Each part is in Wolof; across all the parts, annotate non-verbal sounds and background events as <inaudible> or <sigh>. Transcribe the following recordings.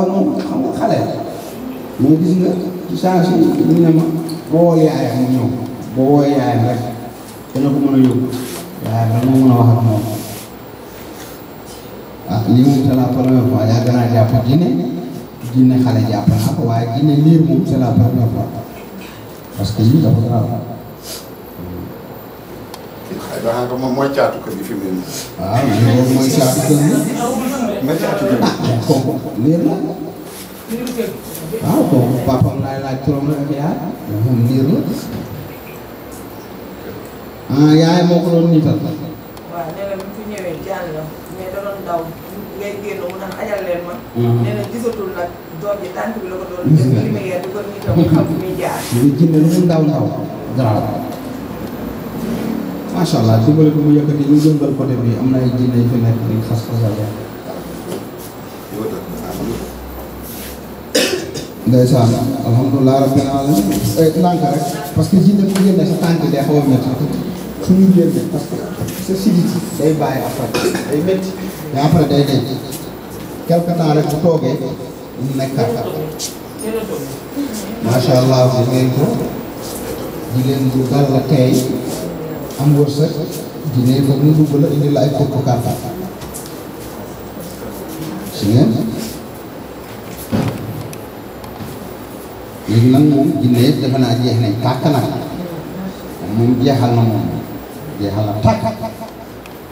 wax moom xam nga xale mais gis nga saa si ñu ne ma boo yaayam ñëw boo yaayam rek dana ko mën a yóbbu yaayam rek moo a wax ak moom ah lii moom c'est la première fois yaa gën a jàpp jinne jinne xale jàpp waaye parce que lii dafa grave xëy na xam nga moom mooy caatu kër gi fi mu ne nii. waaw moom mooy caatu kër gi. mooy caatu kër gi. waaw kooku liir la. waaw kooku papaam laay laaj turam la ak yaay. moom liir la. ah yaay moo ko doon nital. waaw nee na bu ñu ñëwee jàll la mais da doon daw ngay génn mu naan ajal leen ma. nee na gisatul nag doom ji tànk bi la ko doon. gis nga li may yàgg ko nitam xam fi muy jaar. lu jënd lu mu ndaw ndaw. garaaw. macha allah dimbali bi mu yëkkati ñu jëmbal bi am na ay jinne nekk di xas-xasal ndeysaan alhamdulilah rabbil alamin lank eh, rek parce que jinne bu génne sa tànk day xaw a métti su ñu génne parce que sa sidit day bàyyi après day métti mais rek bu toogee mu nekk kàttan macha allah bu ko jigéen bu dal la tey am wërsëg dina foog ñu dugg la indi la ay kooku kàmpa si ngeen léegi nag moom jinne yëpp defe naa jeex nañ tàkk nag moom jeexal na moom jeexal na tàkk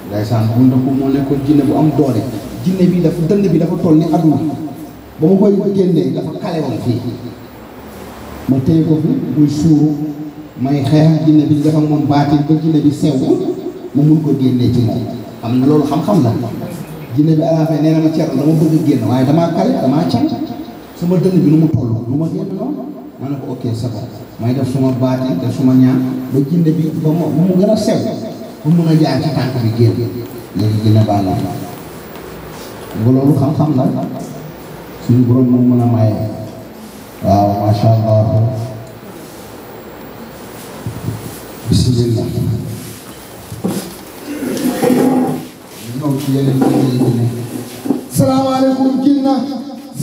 ndeysaan bu ndax moo nekkoon jinne bu am doole jinne bi dafa dënd bi dafa toll ni aduna ba ma koy génnee dafa kale fii ma téye ko fi muy suuru may xeex jinne bi dafa moom baatin ba jinne bi sew ma mun ko génnee ci moom xam na loolu xam-xam la jinne bi ala nee na ma ceer dama bëgg a génn waaye damaa kale damaa can sama dënn bi nu mu toll lu ma génn noonu ma ne ko ok c'est bon def suma baatin def suma ba jinne bi ba mu ba mu a jaar ci tànk bi génn léegi jinne baa la ba loolu xam-xam la suñu borom moom mën a maye waaw macha allah bismillah ñoom ci yeneen yi ñu ne salaamaaleykum jinna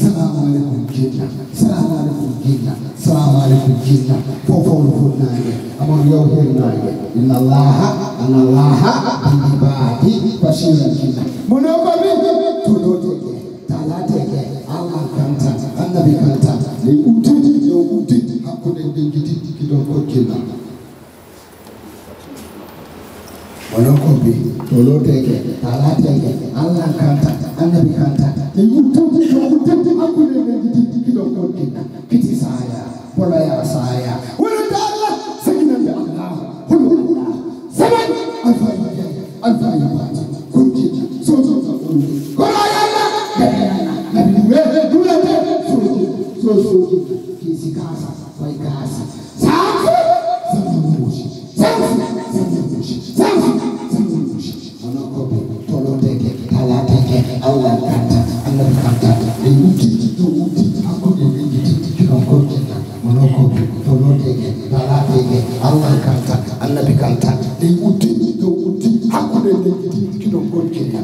salaamaaleykum jinna salaamaaleykum jinna salaamaaleykum jinna foofoolu amoon yow xel naa nge inna allaha ana allaha andi baati basiran jinna mu ne ko bi tulote talate ke allah kanta annabi kanta ley utit yo utit hakkunde nden ki ɗon ko jinna ọlọ́kọ̀ bíi tòlótẹ̀kẹ̀ tàlátẹ̀kẹ̀ alákàtà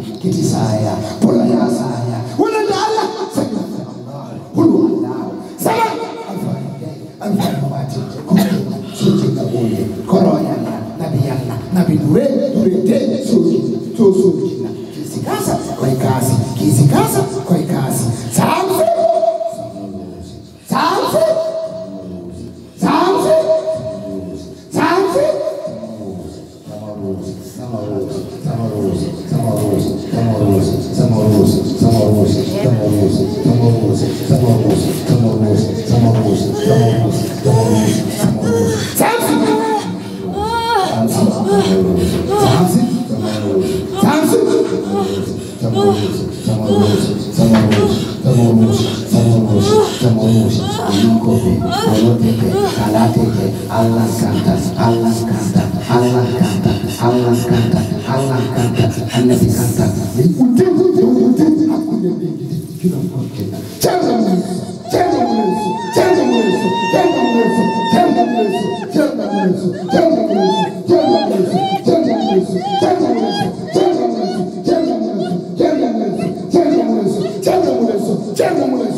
kiti saya pola ya saya wala dala sabu Allah kulu Allah sama alfa alfa mawati kuma suci kabule koroya nabi yalla nabi dure dure te suci kenn moomu la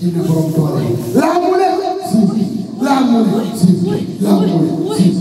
jinne borom doole laa mu ne suuf laa mu ne suuf laa mu ne suuf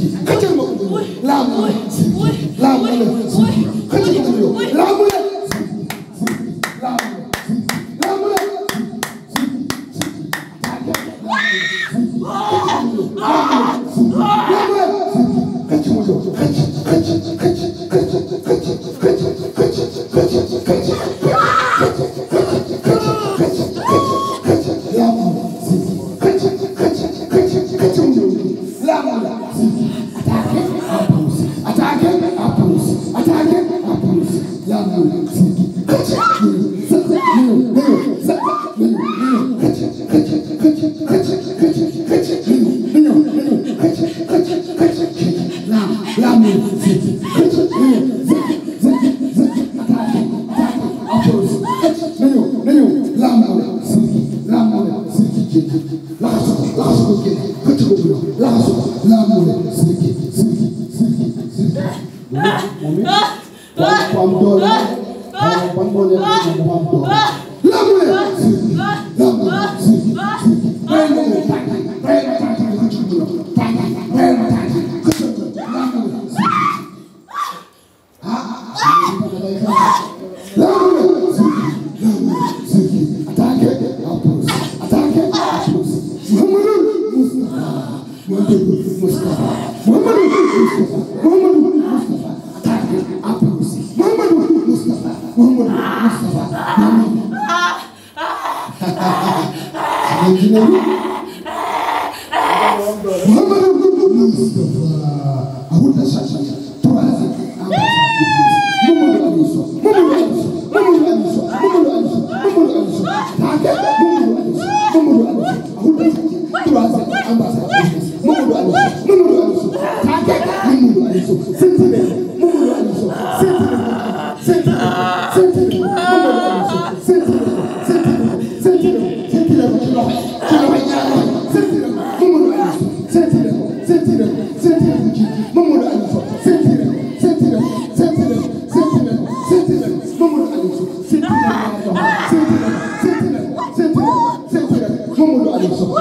Aliou Sow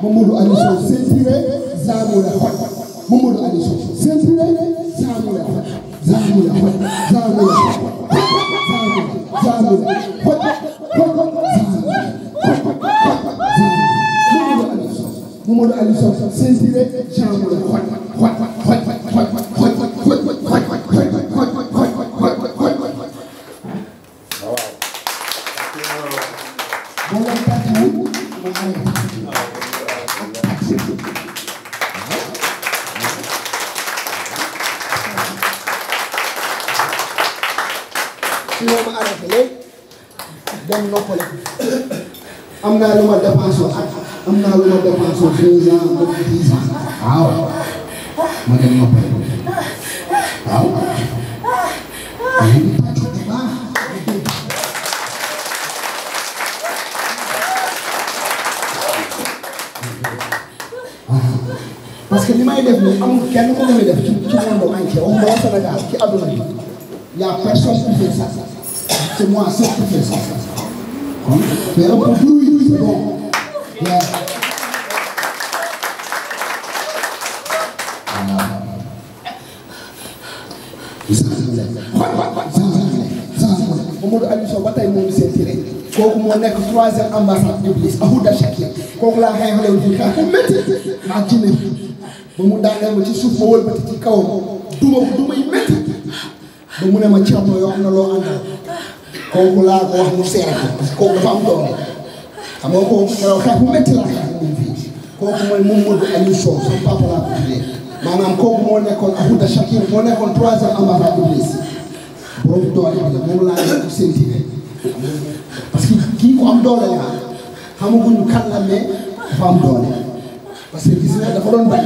Mamadou Aliou Sow ceinture zaamu la xol Mamadou Aliou Sow ceinture zaamu la xol zaamu la xol zaamu la xol zaamu la xol Mamadou Aliou Sow ceinture zaamu la xol entier waxuma la Sénégal ci àdduna bi y a personne qui fait ça c'est moi seul qui fait ça kon mais un peu bruit c'est bon voilà Mamadou Aliou Sow ba tey moom seen tiré kooku moo nekk troisième ambassade d'Iblis Aouda Chakir kooku laa xeexle wu ñu kaa ko métti maa ci ne ba mu daaneel ma ci suuf ma wëlbati ci kawam duma ko dumay métti ba mu ne ma Thierno yoo am na loo àndal kooku laa ko wax mu seere ko parce que kooku dafa am doole xam nga kooku keroog xeex bu laa xeex moom fii kooku kooku moo nekkoon Ahouda Shakir moo nekkoon troisième ambassadeur Iblis borom doole bi la moom laa nekk seen tigé parce que kii ku am doole la xamaguñu kan la mais dafa doole parce que gis nga dafa doon bañ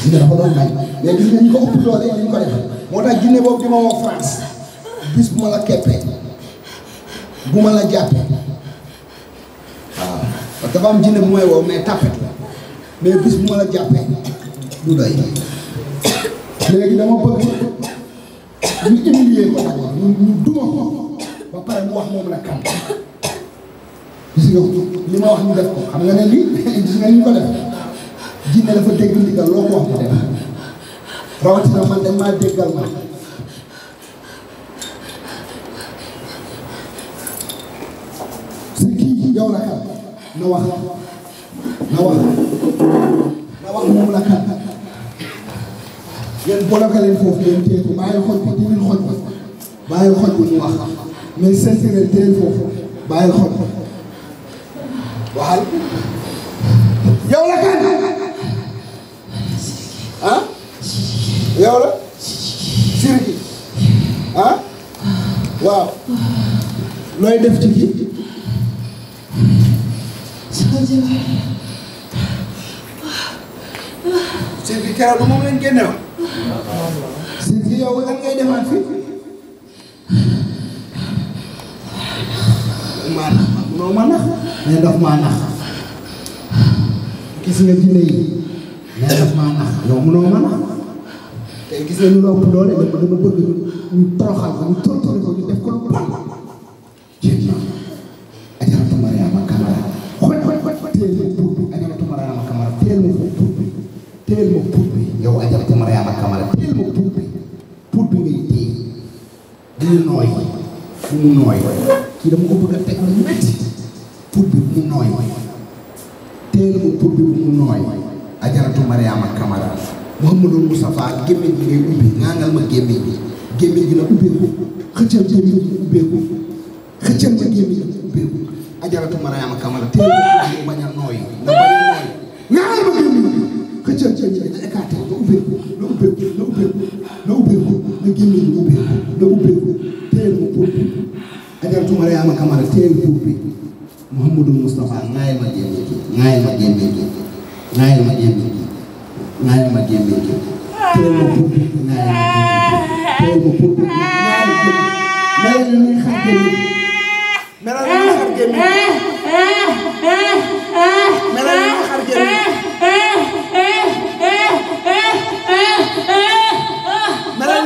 jinne dafa doon bañ mais gis nga ñu ko ëpp ma wax France bis bu ma la keppee bu ma la jàppee waaw parce mais bis bu ma la jàppee du doy ba pare mu wax moom la kan gis nga li ma wax ñu def ko xam nga ne lii gis nga ñu ko def jinne dafa dégg ndigal loo ko wax ma def rawatina man dañ maa déggal ma si kii yow la kan na wax na wax na wax moom la kan yéen boloka leen foofu yéen téye ko bàyyi xoj ko dinañ xoj ko bàyyi xoj ko ñu wax mais sentinelle téye foofu bàyyi xoj ko waxal yow la kan yow la ah? looy def ci kii sirigi keroog du moom leen génne woon sirigi yow lan ngay demaat fi maa nax noo ma nax ne ndox maa nax gis nga jinne yi ne ndox maa tey loolu dama bëgg ñu toroxal ko ñu torturé ko ñu def ko lu bon jéem a ajaratu Mariama Camara ma pour bi teel ma pour bi teel ma pour bi yow ajaratu Mariama Camara teel ma pour bi pour bi ngay téye dina nooy fu mu nooy kii dama ko bëgg a teg mu nooy teel ma pour bi mu nooy ajaratu Mariama Camara Mouhamadou Moustapha gémmiñ gi ngay ubbi ma gémmiñ gi gémmiñ gi na ubbeeku xëccal gémmiñ gi ubbeeku xëccal ma gémmiñ gi ubbeeku ajaratu na écarté na ubbeeku na ubbeeku na na ubbeeku na na ubbeeku teel ma pour Kamara teel pour bi Mouhamadou Moustapha ñaayal ma gémmiñ gi ñaayal ma gémmiñ gi ñaayal ma gémmiñ gi ñaari mag yi mbir mi téye ko pour ñaari mag yi mbir mi téye ko pour ñaari mag yi mbir mi xar gémmi melal na xar gémmi melal na xar gémmi melal na xar gémmi melal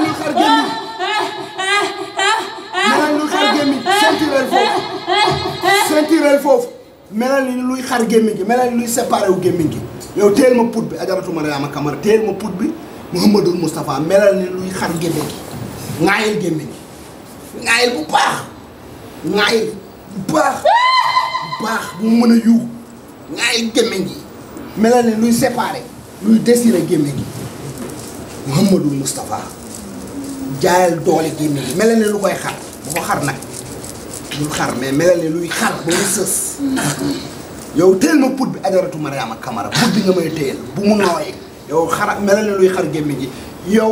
na xar gémmi sentirel foofu sentirel foofu melal ni luy xar gémmi gi melal ni luy séparé wu gémmi gi yow teel ma put bi ajaratu Mariama Kamara teel ma put bi Mouhamadul Moustapha melal ni luy xar gémme gi ŋaayil gémme mën a yuux ŋaayil gémme gi melal ni luy séparé luy désiré gémme gi Mouhamadul Moustapha jaayal doole gémme gi melal ni lu koy xar bu ko xar nag lu xar mais melal ni luy xar ba mu sës yow téel ma put bi ajaratu Mariama Kamara put bi nga may téyel bu mu nooy yow xara melal luy xar gémmiñ gi yow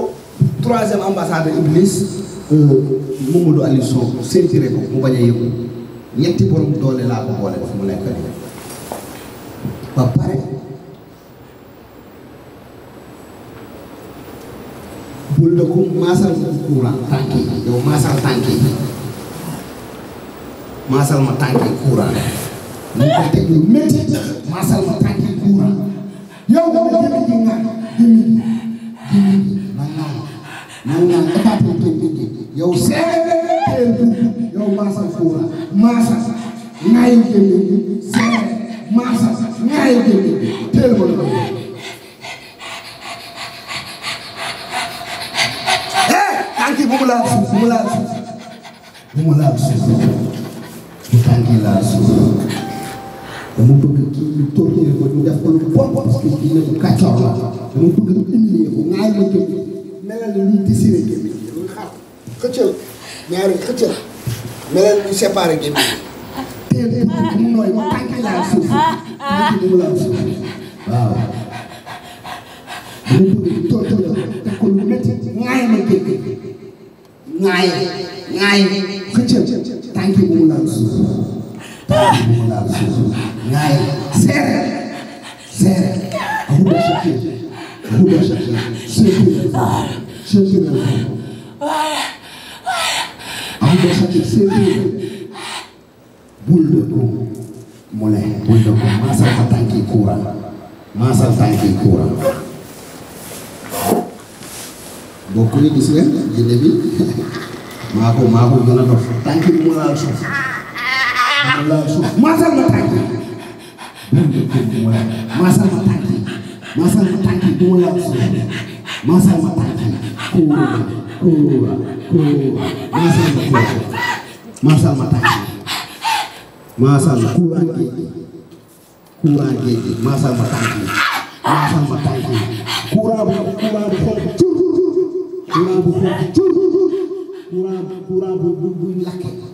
troisième ambassadeur Iblis euh, Mamadou Aliou Sow séentiré ko mu bañ a yëngu ñetti borom doole laa ko boole fu mu nekk nii yow maasal tànk yi maasal ma tànk yi dañ teg lu métti maasal ma tànki kuura yow da nga jënd ji naan maasal kuura maasal dama bëgg kii ñu torturé ko ñu def ko lu bon parce que kii nekk kàccoor la dama bëgg ñu humilier ko ngaay ma jëm melal ne luy désiré gémmiñ luy xaar xëccal ñaari xëccal melal ñu séparé gémmiñ téel ko mu nooy ma tànk laa suuf mu laa suuf waaw dama bëgg ñu torturé ko def ko lu métti ngaay ma jëm ngaay ngaay xëccal tànk mu laa suuf ngaaya seere seere huda shakir huda shakir seetire huda shakir seetire bulda ko mule bulda ko masal ka tanki kuura masal tanki kuura bokk yi gis ngeen jinne bi <laughs> maa ko maa ko gën a dof tanki mu laal suuf maasal ma tànk yi maasal ma tànk yi maasal ma tànk yi duma laal suuf maasal ma tànk yi kóora kóora kóora maasal ma tànk yi maasal ma tànk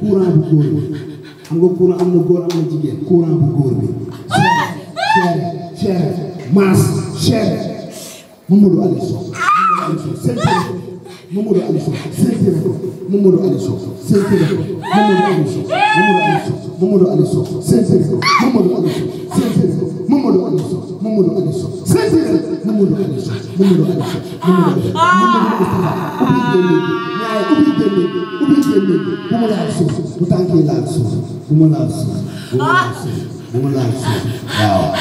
courant bu góor bi xam nga courant am na góor am na jigéen courant bu góor bi cher cher maas cher Mamadou Aliou Sow Mamadou Aliou Sow seetlu ko Mamadou Aliou Sow seetlu ko Mamadou Aliou Sow seetlu ko Mamadou Aliou Sow seetlu ko Mamadou Aliou Sow Mamadou Aliou Sow seetlu ko Mamadou Aliou Sow Mamadou Aliou Sow Mamadou Aliou Sow génne bu ma laal suuf bu tànkee laal suuf bu ma laal suuf bu ma laal suuf bu ma laal suuf waaw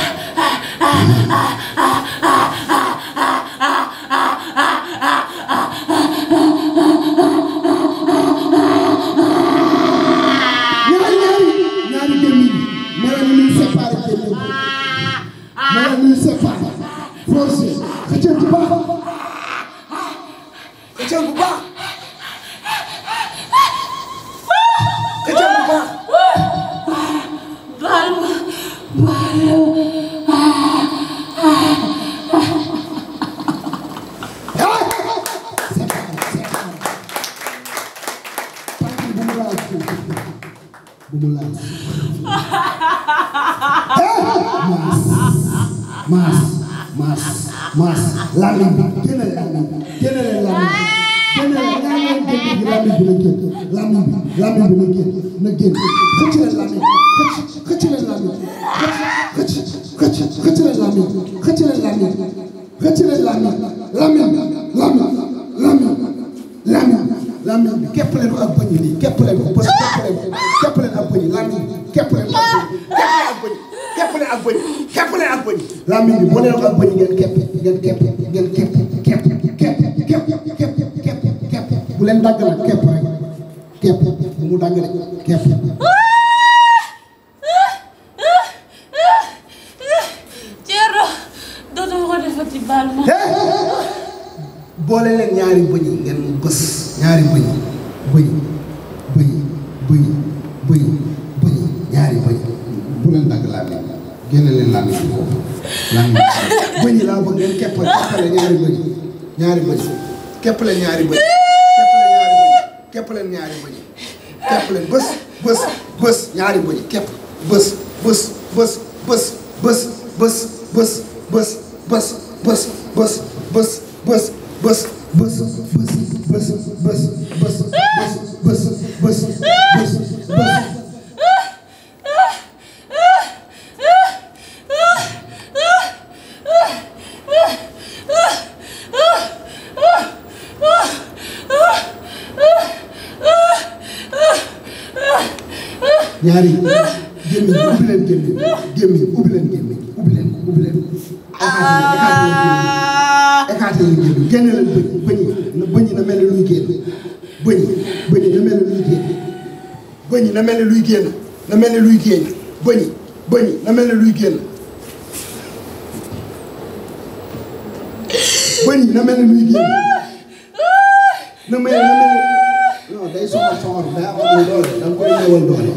génn xëcc leen làmmiñ xëcc leen làmmiñ xëcc xëcc xëcc leen làmmiñ xëcc leen làmmiñ xëcc leen làmmiñ làmmiñ làmmiñ làmmiñ làmmiñ làmmiñ bi képp leen ak bëñ yi képp leen ko bës képp leen ak bëñ làmmiñ képp leen ak bëñ képp leen ak bëñ képp leen ak bëñ làmmiñ bi boo leen ak bëñ ngeen képp ngeen képp ngeen képp képp képp képp képp képp bu leen daggal képp rek képp. Thierno dootoo ko defati baal ma. boole leen ñaari bëñ ngeen mu bës ñaari bëñ bëñ bëñ bëñ bëñ bëñ ñaari bëñ bu leen dagg làmmiñ génne leen làmmiñ bi foofu làmmiñ bëñ laa bëgg ngeen képp képpale ñaari bëñ ñaari bëñ képpale ñaari bës ñaari gémmiñ ubbi leen gémmiñ gémmiñ ubbi leen gémmiñ ubbi leen ubbi leen écarté leen gémmiñ génne leen bëñ bëñ bëñ na mel ni luy génn bëñ bëñ na mel ni luy génn bëñ na mel ni luy génn na mel ni luy génn bëñ bëñ na mel ni luy génn bëñ na mel ni luy génn na mel na mel non day soxor soxor day am doole ñu ñëwoon doole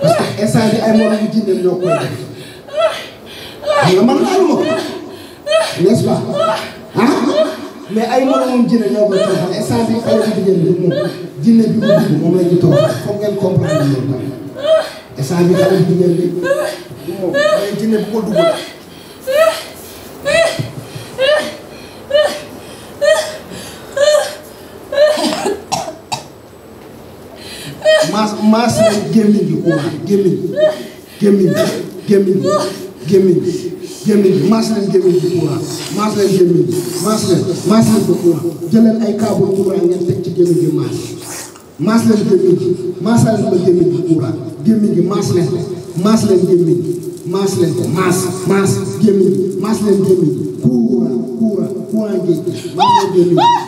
parce que instant bi ay morom yu jinne ñoo koy def xam nga man laaluma ko ah, ah. jinne bi xale bu jigéen moom jinne bi mu dugg jinne bu ko dugg maas maas gémmiñ bi Ouma gémmiñ gémmiñ gémmiñ gémmiñ gémmiñ maas leen gémmiñ bi Ouma maas leen gémmiñ maas leen maas leen bi Ouma jëleen ay kaabu Ouma ngeen teg ci gémmiñ bi maas maas leen gémmiñ gi maas leen ba gémmiñ bi Ouma gémmiñ gi maas leen maas leen gémmiñ maas leen maas maas gémmiñ maas leen gémmiñ kuura kuura kuura géej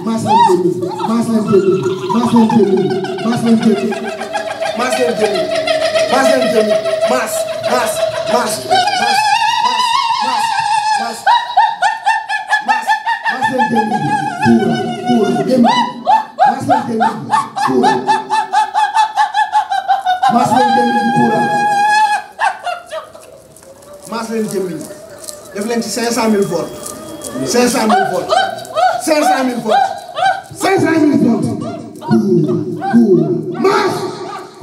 maas leen gémmiñ maas leen gémmiñ maas leen gémmiñ maas leen gémmiñ maas leen gémmiñ maas leen jëli maas leen jëli maas maas maas maas maas maas maas maas leen jëli buura buura dem maas leen jëli buura maas leen jëli buura maas leen jëli def leen ci 500000 volts 500000 volts 500000 volts 500000 volts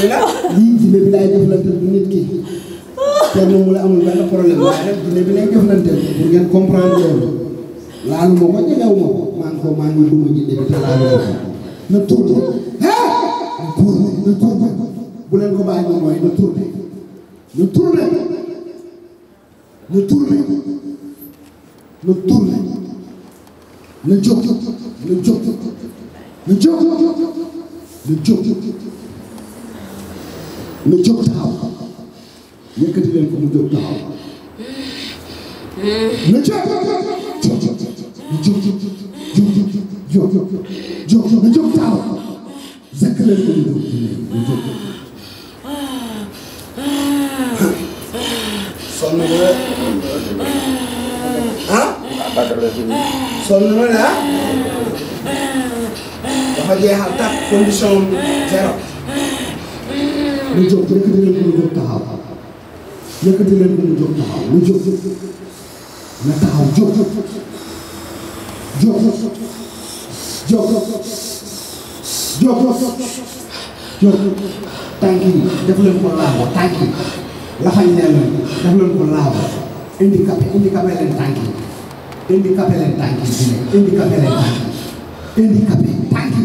kii la lii jinne bi laay jëflante bu nit ki te moom la amul benn problème waaye nag jinne bi lay jëflante pour ngeen comprendre loolu laalu ma ko jegew ma ko maa ngi ko maa ngi duma jinne bi te laalu ma ko na tuuti na tuuti na tuuti bu leen ko bàyyi ma mooy na tuuti na tuuti na tuuti na tuuti na jóg na jóg na jóg na jóg na jóg taxaw yëkkati leen ko mu jóg taxaw na jóg jóg jóg jóg jóg jóg jóg jóg na jóg taxaw zëkk leen ko mu jóg mu jóg sonn nga ah sonn nga ah dafa jeexal tàkk condition zéro lu jóg yëkkati leen ko mu jóg taxaw yëkkati leen ko mu jóg taxaw lu jóg na taxaw jóg jóg jóg jóg jóg tànk yi def leen ko laabo tànk yi lafañ nee leen def leen ko laabo handicapé handicapé leen tànk yi handicapé leen tànk yi handicapé leen tànk yi handicapé tànk yi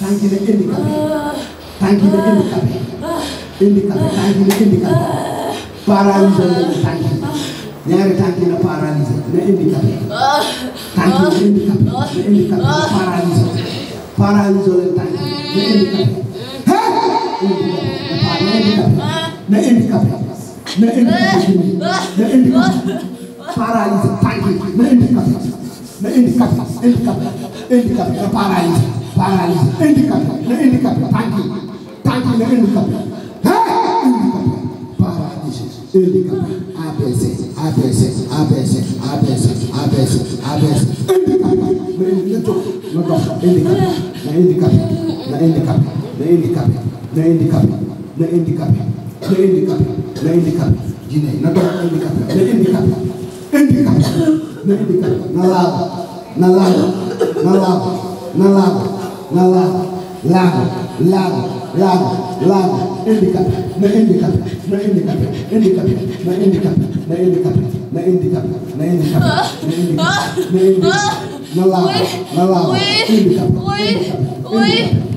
tànk yi la handicapé tànk yi la handicapé indi kafe tànk na indi kafe paralysé wu tànk ñaari tànk na paralysé na indi kafe tànk na indi kafe na indi kafe na paralysé paralysé wu tànk na indi kafe na indi kafe na indi kafe na indi kafe paralysé tànk na indi kafe na indi kafe indi kafe indi kafe na paralysé paralysé indi kafe na indi kafe tànk tànk na indi kafe handicapé, AVC, AVC, AVC, AVC, AVC, AVC, handicapé, mais ñu jox na dox handicapé, na handicapé, na handicapé, na handicapé, na handicapé, na handicapé, na handicapé, na handicapé, jine na dox handicapé, na handicapé, handicapé, na handicapé, na laal, na laal, na laal, na laal, na laal, laal, laal laaga laaga handicapé na handicapé na handicapé handicapé na handicapé na handicapé na handicapé na handicapé na handicapé na laaga na laaga handicapé handicapé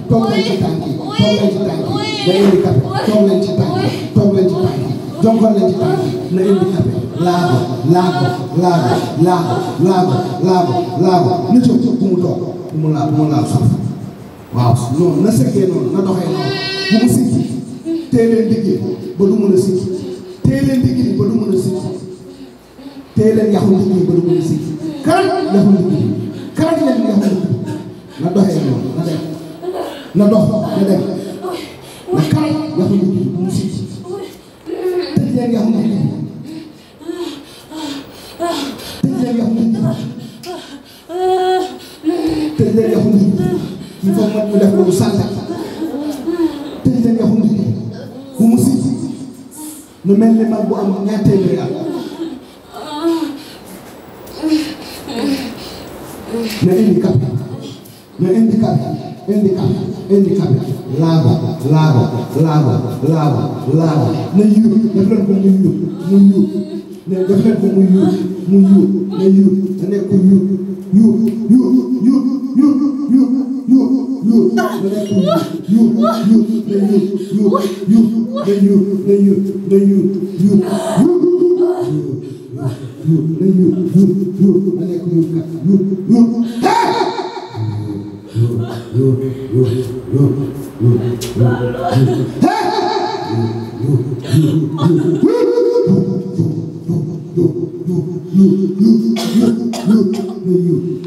toog leen ci tànk yi toog leen ci tànk yi na handicapé toog leen ci tànk yi toog leen ci tànk yi jonkoon leen ci tànk yi na handicapé laaga laaga laaga laaga laaga laaga laaga na jóg bu mu toog bu mu laal bu mu laal suuf waaw noonu na seggee noonu na doxee noonu bu mu sikki tee leen ba du mën a sikki tee leen ba du mën a sikki tee leen yaxu diggi na doxee noonu na dem na dox na dem na kaaj yaxu diggi bu mu sikki tëj leen yaxu il faut que ñu def loolu santal te ñu leen waxoon liggéey bu mu si lu mel ni man bu am ñaar téeméeri at na indi capital na indi capital indi capital indi capital laago laago laago laago laago na yuur def leen ko mu yuur mu yuur def leen ko mu yuur mu yuur na yuur na nekk yuur you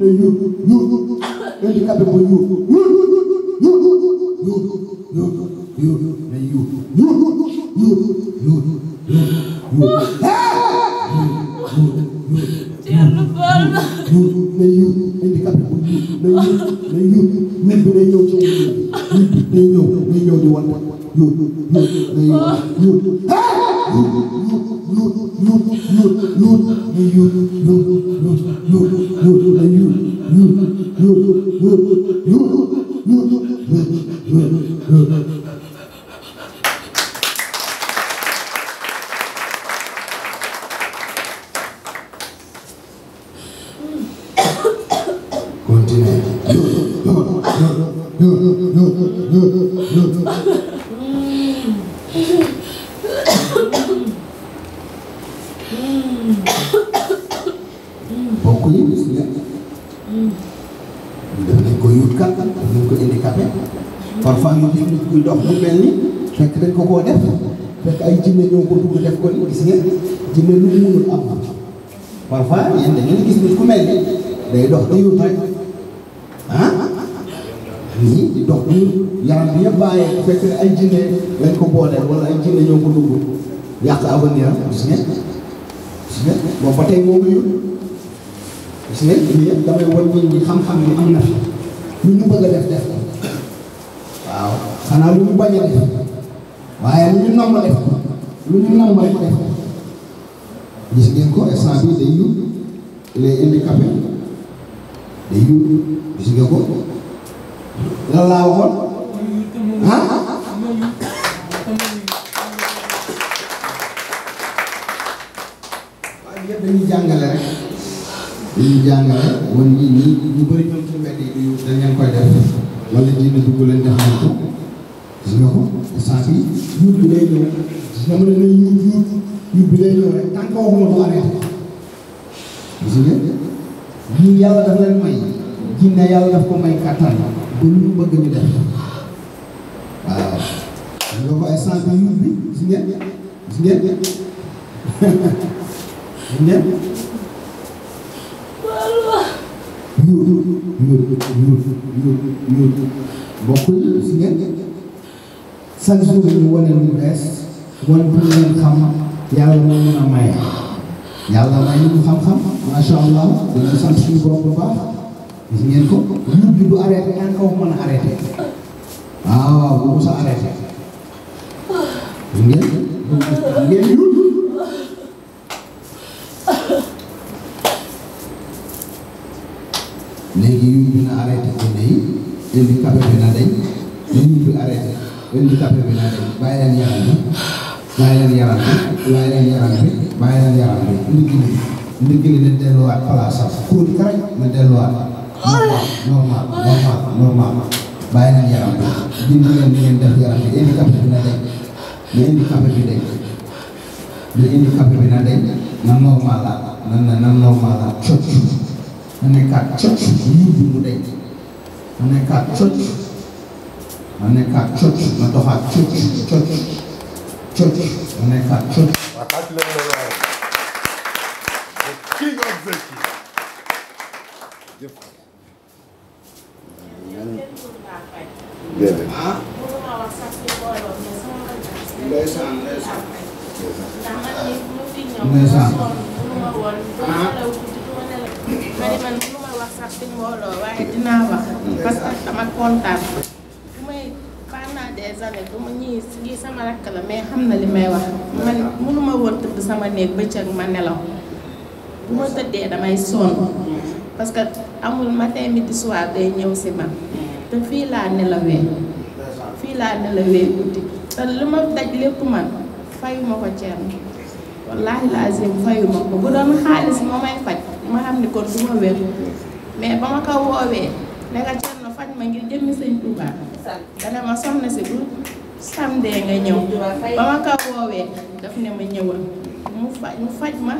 day yuut yuut handicapé mooy yuut am ñu gis nit dox mu mel ni fekk dañ ko koo def fekk ay jinne ñoo ko dugg def ko ni gis ngeen jinne lu mu mënul am parfois yéen dañuy ah, ay jinne lañ ko booleel wala ay jinne ñoo ko dugg yàq avenir am gis ngeen gis ngeen boobu ba tey moo ngi gis ngeen lii yëpp damay wan ñi xam-xam ni am na fi lu ñu bëgg a def def waaw xanaa lu ñu bañ a waaye lu ñu nam lu ñu nam ma def gis ngeen ko instant bi ko lan laa waxoon ah waaye yëpp dañuy jàngale rek dañuy jàngale woon ñi ñu bëri ñoom ci mbedd yi dañ koy def wala diine dugg leen di nga ko saa bi yuut bi day ñëw gis nga mu ne nay yuut yuut yuut bi yàlla daf leen may jinne yàlla daf ko may kattan ba lu mu bëgg ñu def waaw gis nga ko ay sant yuut bi gis ngeen gis ngeen <laughs> gis ngeen ñuul ñuul ñuul ñuul ñuul bokkul si ngeen chaque jour ñu wane lu bees wan pour ngeen xam yàlla moo mën a maye yàlla may ñu xam-xam macha allah dañu sant suñu borom bu baax gis ngeen ko ñuul bi du arrêté kan kaw mën a arrêté waaw waaw bu ko sa arrêté ngeen ngeen ñuul léegi ñun dina arrêté gone yi handicapé bi na dañ ñun ñu arrêté handicapé bi na dañ bàyyi leen yaram bi bàyyi leen yaram bi bàyyi leen yaram bi bàyyi leen yaram bi ndigg li ndigg li na delluwaat place am kuur karaj na delluwaat normal normal normal bàyyi leen yaram bi dindi leen ngeen def yaram bi handicapé bi na dañ li handicapé bi dañ li handicapé bi na dañ na normal la na na normal la cocc mu nekkaat cocc yiw bi mu denc mu nekkaat cocc mu nekkaat cocc ma doxaat cocc cocc cocc mu nekkaat cocc. ndeysaan ndeysaan man mënu wax sax mbooloo waaye dinaa wax parce que dama kontaan bu may pendant des années bu ma ñii ngi sama rakk la mais xam na li may wax man mënu ma woon tëdd sama néeg bëccëg ma nelaw bu ma tëddee damay sonn parce que amul matin midi soir day ñëw si man te fii laa nelawee fii laa nelawee guddi te lu ma daj lépp man fayuma ko Thierno wallaahi laazim fayuma ko bu doon xaalis moo may faj ma xam ni kon du ma wér mais ba ma ko woowee ne nga cer na faj ma ngir jëmmi sëñ Touba dana ma soxna si bu samdee nga ñëw ba ma ko woowee daf ne ma ñëwal mu faj ma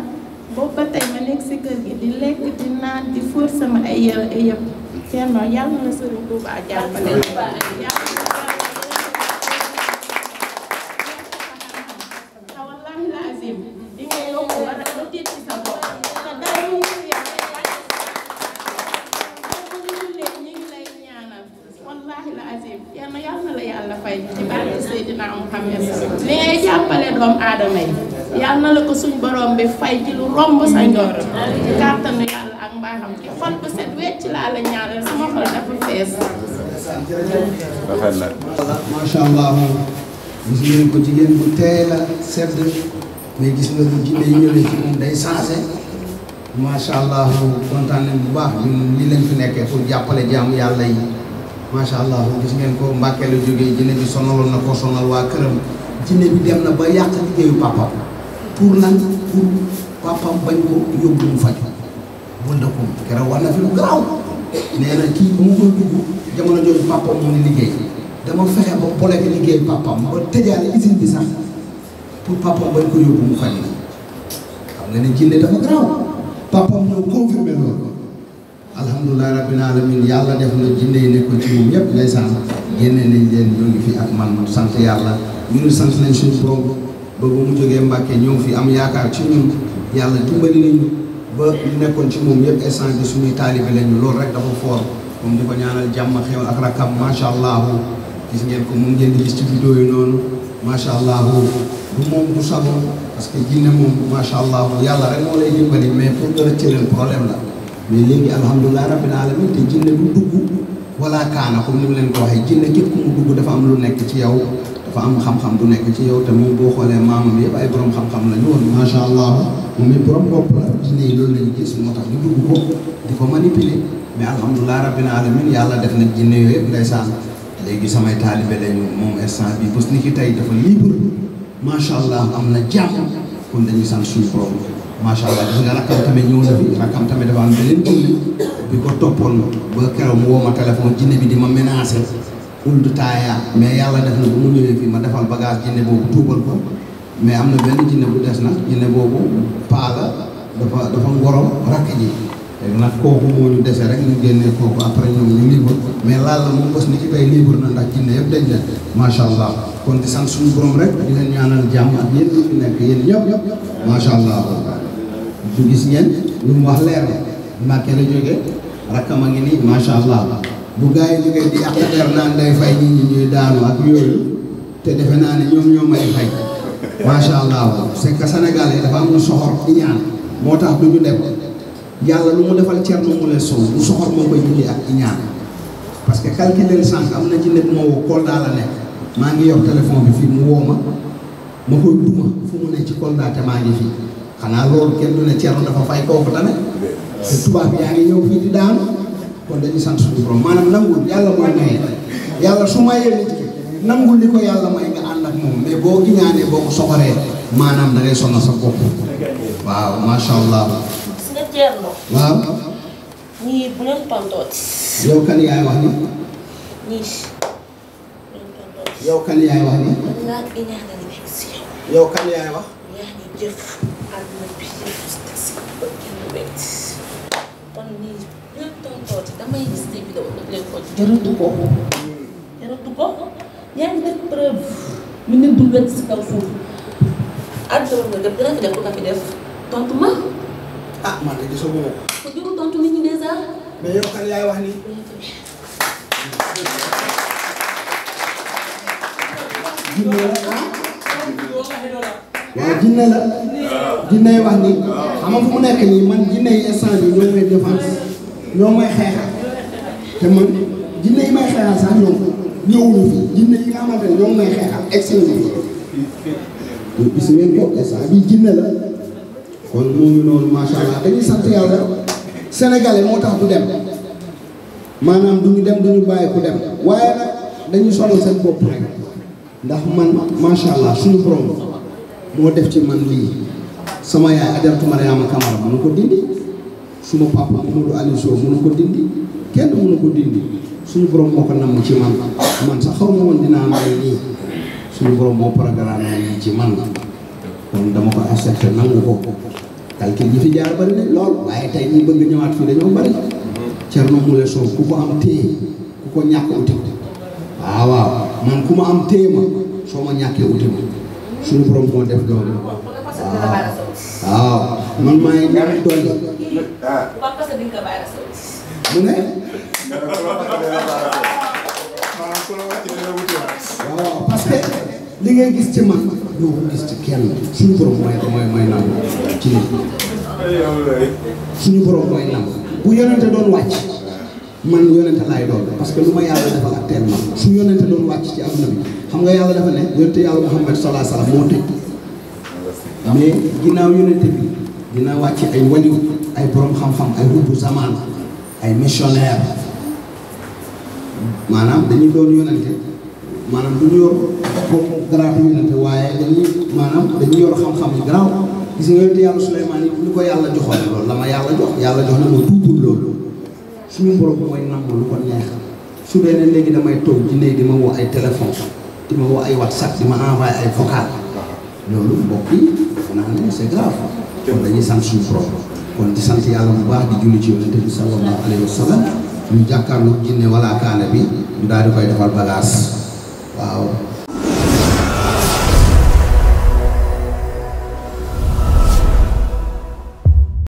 boobu ba ma nekk si kër gi di lekk di naan di fóor sama ay yére yëpp Thierno yàlla na sëriñ Touba jàppale xawalahi la azim doom aadama yi yal na la ko gis ngeen ko jigéen bu tey la sedd mais gis nga bu jibee ñëwee ci moom day changé macha allah kontaan nañ bu baax ñun lañu fi nekkee pour jàppale jaamu yàlla yi macha allah gis ngeen ko mbàkkee la jógee jinne bi sonaloon na ko sonal waa këram jinne bi dem na ba yàq liggéeyu papam pour lan pour papam bañ ko yóbbu mu faj bunda ko keroog war na fi lu garaaw nee na kii ba mu koy dugg jamono jooju papam mu ngi liggéey dama fexe ba boleke liggéeyu bi sax pour papam bañ ko yóbbu mu faj xam nga ne jinne dafa garaaw papam ñoo confirmé loolu alhamdulilah rabbil alamin yàlla def na jinne yi nekkoon ci moom ñëpp ndeysaan génne nañ leen ñoo ngi fi ak man sant yàlla ñun sant nañ suñu borom ba ba mu jógee Mbàkke ñëw fi am yaakaar ci ñun yàlla dimbali nañu ba li nekkoon ci moom yëpp instant bi suñuy taalibe lañu loolu rek dafa foor moom di ko ñaanal jàmm xéwal ak rakam macha allah gis ngeen ko moom ngeen di gis ci yi noonu macha allah du moom du sago parce que jinne moom macha allah yàlla rek moo lay dimbali mais pour nga rëcc leen problème la mais léegi alhamdulilah rabbil alamin te jinne du dugg. wala kaana comme ni mu leen ko waxee jinne képp ku mu dugg dafa am lu nekk ci yow dafa am xam-xam bu nekk ci yow te moom boo xoolee maamam yëpp ay borom xam-xam la ñu woon macha allah moom it borom bopp la jinne yi loolu lañu gis moo tax ñu dugg ko di ko manipuler mais alhamdulilah rabbil alamin yàlla def na jinne yooyu yëpp ndeysaan léegi samay taalibe lañu moom instant bi bés ni ki tey dafa libre macha allah am na jàmm kon dañuy sant suñu macha allah gis nga rakkam tamit ñëw na rakkam tamit dafa am beneen toppoon ba keroog mu woo ma téléphone jinne bi di ma menacer uldu taaya mais yàlla na bu mu ñëwee fii ma defal bagage jinne boobu tuubal mais am na benn jinne bu des na jinne boobu paa la dafa dafa ngorom rakk ji léegi nag rek ñu génnee kooku après mais laal la moom bés ni ci tey libre na ndax yëpp dañ allah kon di sant suñu rek di leen ñaanal jàmm ak yéen allah gis ngeen lu mu wax leer na Mbàkke la jóge rakkam a ngi nii macha allah bu gars yi jógee di ak leer naan day fay nit ñi ñuy daanu ak yooyu te defe naa ñoom ñoom may fay macha allah c'est que Sénégal yi dafa am lu soxor iñaan moo tax du ñu dem yàlla lu mu defal Thierno Moule Sow lu soxor moo koy jëlee ak iñaan parce que calculer sànq am na ci nit moo woo Kolda la nekk maa ngi yor téléphone bi fii mu woo ma ma koy duma fu mu ne ci Kolda te maa ngi xanaa loolu kenn du ne Thierno dafa fay kooku tamit te yaa ngi ñëw fii di daanu kon dañuy sant suñu borom maanaam nangul yàlla mooy maye yàlla su mayee nit li ko yàlla may nga ànd ak moom mais boo giñaanee boo ko soxoree maanaam da ngay sa bopp waaw macha allah. su nga Thierno. waaw. ñii bu kan yaay wax ni. ñii. kan yaay wax ni. yow kan yaay wax. àdduna bi yëpp tas kenn wet kon nii lépp tontoo ci damay gis te vidéo daf leen ko jaratu ko jaratu ko yaa ngi def preuve mu ne dul wet si kaw suuf àdduna nga def dina fi def ku ko fi def tontu ma ah man de gisoo ko ah, ko juru tontu nit ñi dèjà mais yow kan yaay wax waa jinne la jinne yi wax ni xam mu nekk nii man jinne yi instant bi ñoo may défense ñoo may xeexa te man jinne yi may xeexal sax ñoom ñëwuñu fi jinne yi nga xamante ne ñoom may xeexal excellent bi gis ngeen ko instant bi jinne la kon moo ngi noonu macha allah dañuy sant yàlla sénégalais moo tax du dem maanaam du dem du bàyyi ku dem waaye dañuy dañu seen bopp rek ndax man macha allah suñu borom moo def ci man lii sama yaay Ajaratu Mariama Kamara mënu ko dindi suma papa Mamadou Aliou Sow mënu ko dindi kenn mënu ko dindi suñu borom moo ko namm ci man man sax xaw ma woon suñu borom moo ci man dama ko accepté nangu ko calcul yi fi jaar bari ne lool waaye tey ñi bëgg ñëwaat fii dañoo bari Thierno Moule Sow ku ko am téye ku ko ñàkk uti waaw waaw man ku ma am téye ma soo ma ñàkkee uti ma suñu borom moo def loolu waaw man maa ngi ñaari tool yi mu ne waaw parce que li ngay gis ci man doo ko gis ci kenn suñu borom mooy mooy mooy nangu ci nit suñu borom mooy nangu bu yonente doon wàcc man yonente laay doon parce que lu ma yàlla defal actuellement su yonente doon wàcc ci na bi xam nga yàlla dafa ne yonente yàlla Muhammad salaa moo tëj mais ginnaaw yonente bi dina wàcc ay waliw ay borom xam-xam ay rubbu zaman ay missionnaire maanaam dañuy doon yonente maanaam du ñu yor programme yonente waaye dañuy maanaam dañuy yor xam-xam yu garaaw gis nga yonente yàlla Suleymaan yi lu ko yàlla joxoon loolu la ma yàlla jox yàlla jox na ma suñu borom su dee ne léegi damay toog ji ne di ma woo ay téléphone di ma woo ay whatsapp di ma envoyé ay vocal loolu mbokk yi naa ne c'est grave dañuy sant suñu borom kon di sant yàlla bu baax di julli ci yonente bi sallallahu alayhi wa sallam ñu jàkkaarloo jinne wala bi ñu daal di koy defal bagage waaw